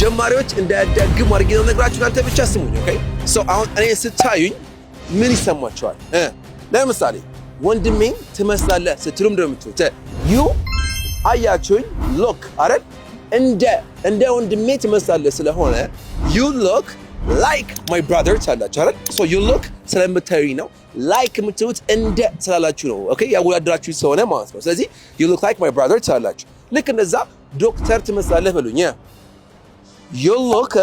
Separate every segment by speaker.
Speaker 1: ጀማሪዎች እንዳያዳግሙ አድርጌ ነው ነግራችሁ። እናንተ ብቻ ስሙኝ። ኦኬ ሰው አሁን እኔ ስታዩኝ ምን ይሰማችኋል? ለምሳሌ ወንድሜ ትመስላለህ ስትሉም እንደምትሉት ዩ አያችሁኝ ሎክ አረን እንደ እንደ ወንድሜ ትመስላለህ ስለሆነ ዩ ሎክ ላይክ ማይ ብራዘር አላችሁ አይደል? ሶ ዩ ሎክ ስለምታዩኝ ነው። ላይክ የምትሉት እንደ ስላላችሁ ነው። ኦኬ ያወዳደራችሁ ስለሆነ ማለት ነው። ስለዚህ ዩ ሎክ ላይክ ማይ ብራዘር አላችሁ። ልክ እንደዛ ዶክተር ትመስላለህ በሉኝ ዩ ሉክ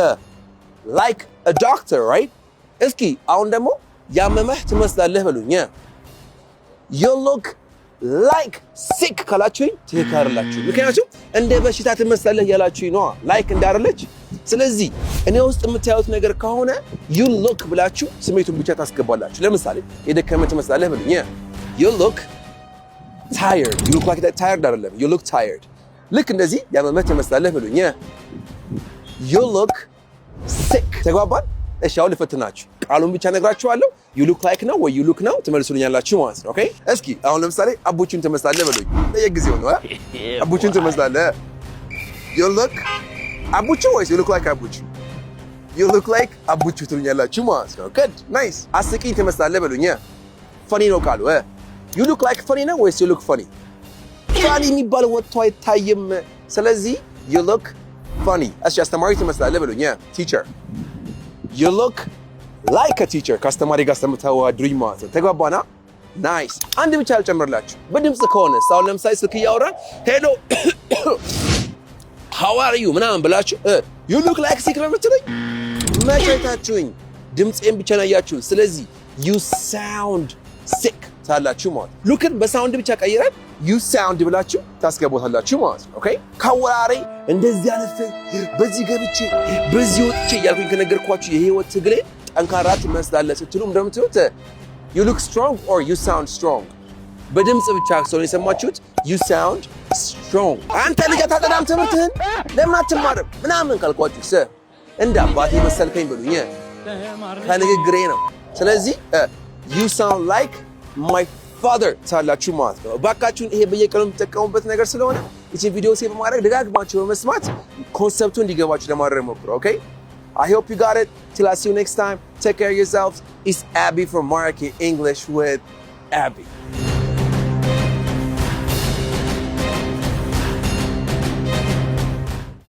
Speaker 1: ላይክ አ ዶክተር ራይት። እስኪ አሁን ደግሞ ያመመህ ትመስላለህ በሉኝ። ዩ ሉክ ላይክ ሲክ ካላችሁኝ ትካርላችሁ። ምክንያቱም እንደ በሽታ ትመስላለህ ያላችሁኝ ነዋ፣ ላይክ እንዳደለች። ስለዚህ እኔ ውስጥ የምታዩት ነገር ከሆነ ዩ ሉክ ብላችሁ ስሜቱን ብቻ ታስገባላችሁ። ለምሳሌ የደከመህ ትመስላለህ በሉኝ። ዩ ሉክ ታየርድ። tired ሉክ ታየርድ አይደለም፣ ዩ ሉክ ታየርድ። ልክ እንደዚህ ያመመህ ትመስላለህ በሉኝ። ዩ ሉክ ሲክ። ተግባባን? እሺ አሁን ልፈትናችሁ። ቃሉን ብቻ ነግራችኋለሁ። ዩ ሉክ ላይክ ነው ወይ ዩ ሉክ ነው ትመልሱልኛላችሁ ማለት ነው። ኦኬ። እስኪ አሁን ለምሳሌ አቡቹን ትመስላለህ በሉኝ። ለየጊዜው ነው። አቡቹን ትመስላለህ። ዩ ሉክ አቡቹ ወይስ ዩ ሉክ ላይክ አቡቹ? ዩ ሉክ ላይክ አቡቹ ትሉኛላችሁ ማለት ነው። ጉድ ናይስ። አስቂኝ ትመስላለህ በሉኝ። ፈኒ ነው ቃሉ። ዩ ሉክ ላይክ ፈኒ ነው ወይስ ዩ ሉክ ፈኒ? ፋኒ የሚባል ወጥቶ አይታይም። ስለዚህ ዩ ሉክ ፋኒ እሺ፣ አስተማሪ ትመስላለህ ብሎኝ ቲቸር ዩ ሉክ ላይክ ቲቸር ከአስተማሪ ጋር ተወዳድሩኝ ማለት ነው። ተግባባና ናይስ። አንድ ብቻ አልጨምርላችሁ በድምፅ ከሆነ አሁን ለምሳሌ ስልክ እያወራን ሄሎ ሃው አር ዩ ምናምን ብላችሁ ዩ ሉክ ላይክ ሲክረር ብትለኝ መቼ ድምፄን ብቻ ነው ያያችሁት። ስለዚህ ዩ ሳውንድ ሲክ ታላችሁ ማለት ነው። ሉክን በሳውንድ ብቻ ቀይረን ዩ ሳውንድ ብላችሁ ታስገቦታላችሁ ማለት ነው። ኦኬ ከአወራሬ እንደዚህ አለፈ፣ በዚህ ገብቼ፣ በዚህ ወጥቼ እያልኩኝ ከነገርኳችሁ የህይወት ትግሌ ጠንካራ ትመስላለህ ስትሉ እንደምትሉት ዩ ሉክ ስትሮንግ ኦር ዩ ሳውንድ ስትሮንግ። በድምፅ ብቻ ስለሆነ የሰማችሁት ዩ ሳውንድ ስትሮንግ። አንተ ልጅ አታጠናም ትምህርትህን ለምን አትማርም ምናምን ካልኳችሁ ሰ እንደ አባቴ መሰልከኝ ብሉኝ ከንግግሬ ነው። ስለዚህ ዩ ሳውንድ ላይክ ማይ ፋዘር ሳላችሁ ማለት ነው። እባካችሁን ይሄ በየቀኑ የምትጠቀሙበት ነገር ስለሆነ እቺ ቪዲዮ ሴቭ በማድረግ ደጋግማችሁ በመስማት ኮንሰፕቱ እንዲገባችሁ ለማድረግ ሞክሩ። ኦኬ I hope you got it. Till I see you next time, take care of yourselves. It's Abby from Market English with Abby.